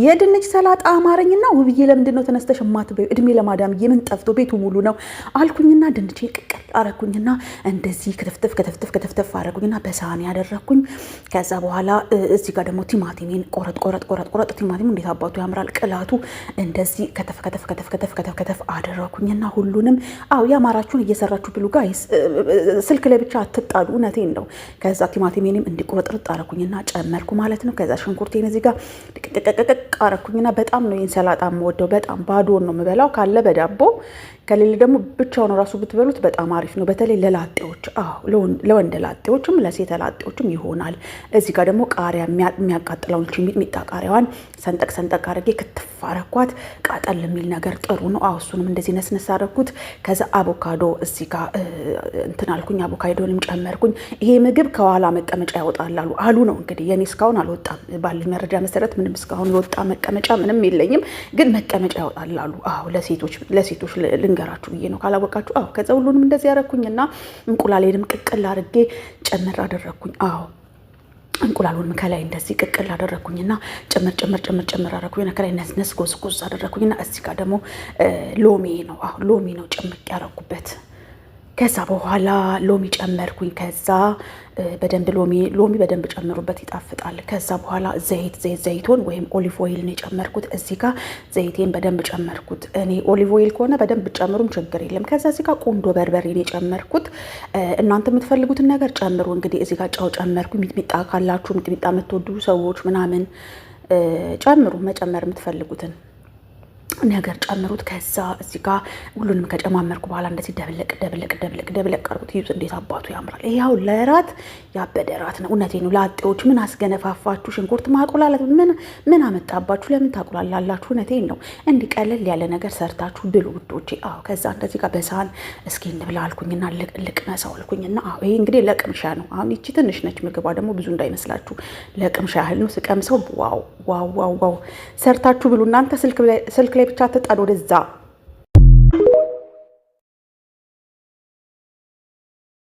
የድንች ሰላጣ አማረኝና ውብዬ ለምንድን ነው ተነስተሽ የማትበይው? እድሜ ለማዳም የምን ጠፍቶ ቤቱ ሙሉ ነው አልኩኝና ድንች ቅቅል አረኩኝና እንደዚህ ከተፍተፍ ከተፍተፍ ከተፍተፍ አረኩኝና በሳህን ያደረግኩኝ። ከዛ በኋላ እዚህ ጋር ደግሞ ቲማቲሜን ቆረጥ ቆረጥ ቆረጥ ቆረጥ ቲማቲሙ እንዴት አባቱ ያምራል! ቅላቱ እንደዚህ ከተፍ ከተፍ ከተፍ ከተፍ ከተፍ ከተፍ አደረኩኝና ሁሉንም አው ያማራችሁን እየሰራችሁ ብሉ ጋይስ። ስልክ ላይ ብቻ አትጣሉ፣ እውነቴን ነው። ከዛ ቲማቲሜንም እንዲቆረጥርጥ አረኩኝና ጨመርኩ ማለት ነው። ከዛ ሽንኩርቴን እዚህ ጋር ድርቅ አረኩኝና በጣም ነው ይህን ሰላጣ የምወደው። በጣም ባዶን ነው የምበላው ካለ በዳቦ ከሌለ ደግሞ ብቻውን ራሱ ብትበሉት በጣም አሪፍ ነው። በተለይ ለላጤዎች፣ ለወንድ ላጤዎችም ለሴት ላጤዎችም ይሆናል። እዚህ ጋር ደግሞ ቃሪያ የሚያቃጥለውን ሚጥሚጣ ቃሪያዋን ሰንጠቅ ሰንጠቅ አድርጌ ክትፍ አረኳት። ቃጠል የሚል ነገር ጥሩ ነው። አዎ እሱንም እንደዚህ ነስነስ አረኩት። ከዛ አቮካዶ እዚህ ጋር እንትን አልኩኝ፣ አቮካዶንም ጨመርኩኝ። ይሄ ምግብ ከኋላ መቀመጫ ያወጣል አሉ አሉ ነው እንግዲህ። የኔ እስካሁን አልወጣም፣ ባለኝ መረጃ መሰረት ምንም እስካሁን የወጣ መቀመጫ ምንም የለኝም፣ ግን መቀመጫ ያወጣል አሉ። ለሴቶች ልንገ ልንገራችሁ ብዬ ነው ካላወቃችሁ። አዎ ከዛ ሁሉንም እንደዚህ ያረኩኝ እና እንቁላሌንም ቅቅል አድርጌ ጨምር አደረግኩኝ። አዎ እንቁላሉንም ከላይ እንደዚህ ቅቅል አደረግኩኝና ጭምር ጭምር ጭምር ጭምር አደረግኩኝ። ከላይ ነስነስ ጎዝጎዝ አደረግኩኝና እዚህ ጋር ደግሞ ሎሚ ነው። ሎሚ ነው ጭምቅ ያረኩበት ከዛ በኋላ ሎሚ ጨመርኩኝ። ከዛ በደንብ ሎሚ ሎሚ በደንብ ጨምሩበት፣ ይጣፍጣል። ከዛ በኋላ ዘይት ዘይት ዘይቶን ወይም ኦሊቭ ኦይል ነው የጨመርኩት። እዚህ ጋር ዘይቴን በደንብ ጨመርኩት። እኔ ኦሊቭ ኦይል ከሆነ በደንብ ጨምሩም ችግር የለም። ከዛ እዚህ ጋር ቁንዶ በርበሬ ነው የጨመርኩት። እናንተ የምትፈልጉትን ነገር ጨምሩ። እንግዲህ እዚህ ጋር ጨው ጨመርኩ። ሚጥሚጣ ካላችሁ ሚጥሚጣ የምትወዱ ሰዎች ምናምን ጨምሩ፣ መጨመር የምትፈልጉትን ነገር ጨምሩት። ከዛ እዚ ጋ ሁሉንም ከጨማመርኩ በኋላ እንደዚህ ደብለቅ ደብለቅ ደብለቅ ደብለቅ ቀርቡት። ይዙ እንዴት አባቱ ያምራል! ይኸው ለራት ያበደ ራት ነው። እውነቴን ነው። ለአጤዎች ምን አስገነፋፋችሁ? ሽንኩርት ማቆላለት ምን ምን አመጣባችሁ? ለምን ታቁላላላችሁ? እውነቴን ነው። እንዲህ ቀለል ያለ ነገር ሰርታችሁ ብሉ ውዶቼ። አዎ፣ ከዛ እንደዚህ ጋር በሳህን እስኪ እንብላ አልኩኝና ልቅመሰው አልኩኝና፣ አዎ፣ ይሄ እንግዲህ ለቅምሻ ነው። አሁን ይቺ ትንሽ ነች፣ ምግቧ ደግሞ ብዙ እንዳይመስላችሁ ለቅምሻ ያህል ነው። ስቀምሰው ዋው ዋው ዋው ዋው! ሰርታችሁ ብሉ እናንተ ስልክ ላይ ብቻ ተጣል ወደዛ